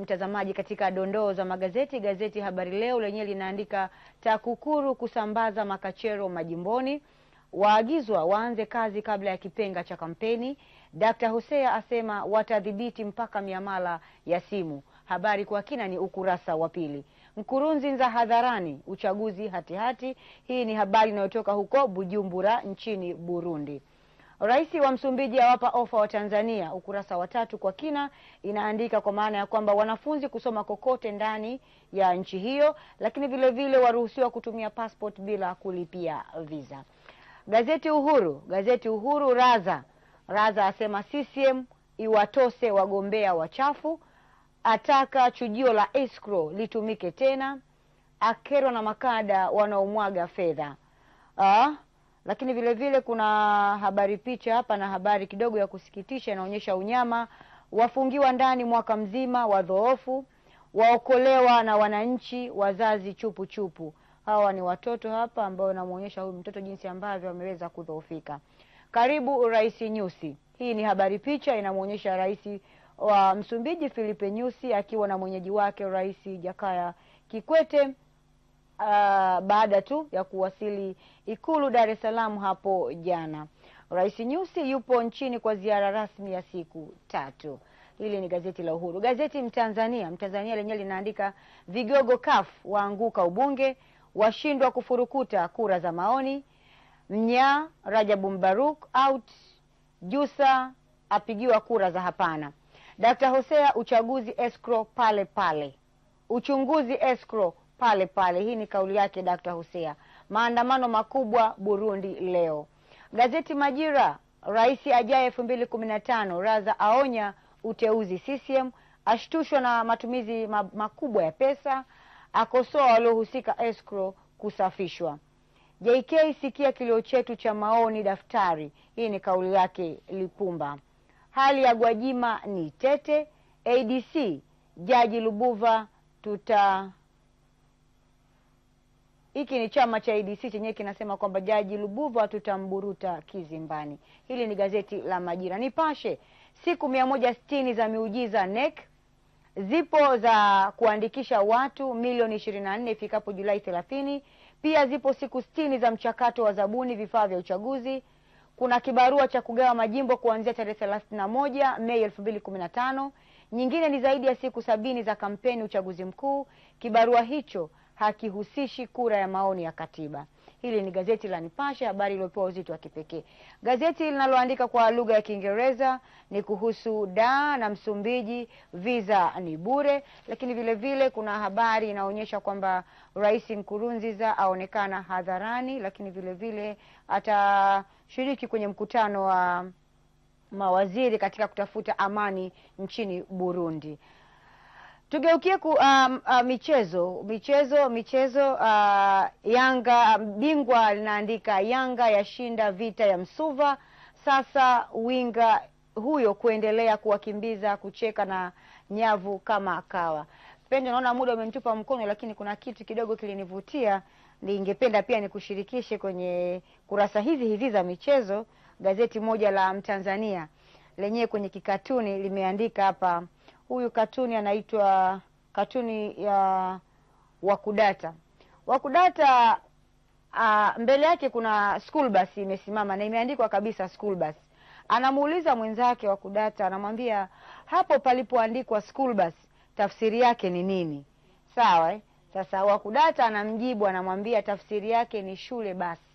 Mtazamaji, katika dondoo za magazeti, gazeti Habari Leo lenyewe linaandika TAKUKURU kusambaza makachero majimboni, waagizwa waanze kazi kabla ya kipenga cha kampeni. Dkt. Hosea asema watadhibiti mpaka miamala ya simu. Habari kwa kina ni ukurasa wa pili. mkurunzi nza hadharani, uchaguzi hatihati Hii ni habari inayotoka huko Bujumbura nchini Burundi. Rais wa Msumbiji awapa ofa wa Tanzania. Ukurasa wa tatu kwa kina inaandika kwa maana ya kwamba wanafunzi kusoma kokote ndani ya nchi hiyo, lakini vile vile waruhusiwa kutumia passport bila kulipia visa. Gazeti Uhuru, gazeti Uhuru, Raza Raza asema CCM iwatose wagombea wachafu, ataka chujio la escrow litumike tena, akerwa na makada wanaomwaga fedha. Ah, lakini vile vile kuna habari picha hapa na habari kidogo ya kusikitisha, inaonyesha unyama, wafungiwa ndani mwaka mzima, wadhoofu waokolewa na wananchi, wazazi chupu chupu. Hawa ni watoto hapa ambao namuonyesha huyu mtoto jinsi ambavyo ameweza kudhoofika. Karibu Rais Nyusi. Hii ni habari picha inamwonyesha rais wa Msumbiji Filipe Nyusi akiwa na mwenyeji wake Rais Jakaya Kikwete uh, baada tu ya kuwasili Ikulu Dar es Salaam hapo jana. Rais Nyusi yupo nchini kwa ziara rasmi ya siku tatu. Hili ni gazeti la Uhuru. Gazeti Mtanzania, Mtanzania lenyewe linaandika vigogo CUF waanguka ubunge, washindwa kufurukuta kura za maoni. mnya Rajabu Mbaruk out, Jusa apigiwa kura za hapana. Dkt. Hosea uchaguzi escrow pale pale, uchunguzi escrow pale pale. Hii ni kauli yake Dkt. Husea. Maandamano makubwa Burundi leo. Gazeti Majira, rais ajaye elfu mbili kumi na tano Raza aonya uteuzi CCM, ashtushwa na matumizi makubwa ya pesa, akosoa waliohusika escrow kusafishwa. JK, sikia kilio chetu cha maoni daftari. Hii ni kauli yake Lipumba. Hali ya Gwajima ni tete. ADC, Jaji Lubuva tuta hiki ni chama cha ADC chenyewe kinasema kwamba Jaji Lubuva tutamburuta kizimbani. Hili ni gazeti la Majira. Nipashe, siku mia moja sitini za miujiza NEC zipo za kuandikisha watu milioni ishirini na nne ifikapo Julai thelathini. Pia zipo siku sitini za mchakato wa zabuni vifaa vya uchaguzi. Kuna kibarua cha kugawa majimbo kuanzia tarehe thelathini na moja Mei elfu mbili kumi na tano. Nyingine ni zaidi ya siku sabini za kampeni uchaguzi mkuu. Kibarua hicho hakihusishi kura ya maoni ya katiba. Hili ni gazeti la Nipashe, habari iliyopewa uzito wa kipekee. Gazeti linaloandika kwa lugha ya Kiingereza ni kuhusu da na Msumbiji, visa ni bure, lakini vile vile kuna habari inaonyesha kwamba Rais Nkurunziza aonekana hadharani, lakini vile vile atashiriki kwenye mkutano wa mawaziri katika kutafuta amani nchini Burundi. Tugeukie ku um, uh, michezo michezo michezo. Uh, Yanga um, bingwa linaandika Yanga yashinda vita ya Msuva. Sasa winga huyo kuendelea kuwakimbiza kucheka na nyavu kama akawa pende. Naona muda umemtupa mkono, lakini kuna kitu kidogo kilinivutia, ningependa pia nikushirikishe kwenye kurasa hizi hizi za michezo. Gazeti moja la Mtanzania lenyewe kwenye kikatuni limeandika hapa huyu katuni anaitwa katuni ya Wakudata. Wakudata a, mbele yake kuna school bus imesimama na imeandikwa kabisa school bus. Anamuuliza mwenzake Wakudata, anamwambia hapo palipoandikwa school bus tafsiri yake ni nini? Sawa eh? Sasa Wakudata anamjibu, anamwambia tafsiri yake ni shule basi.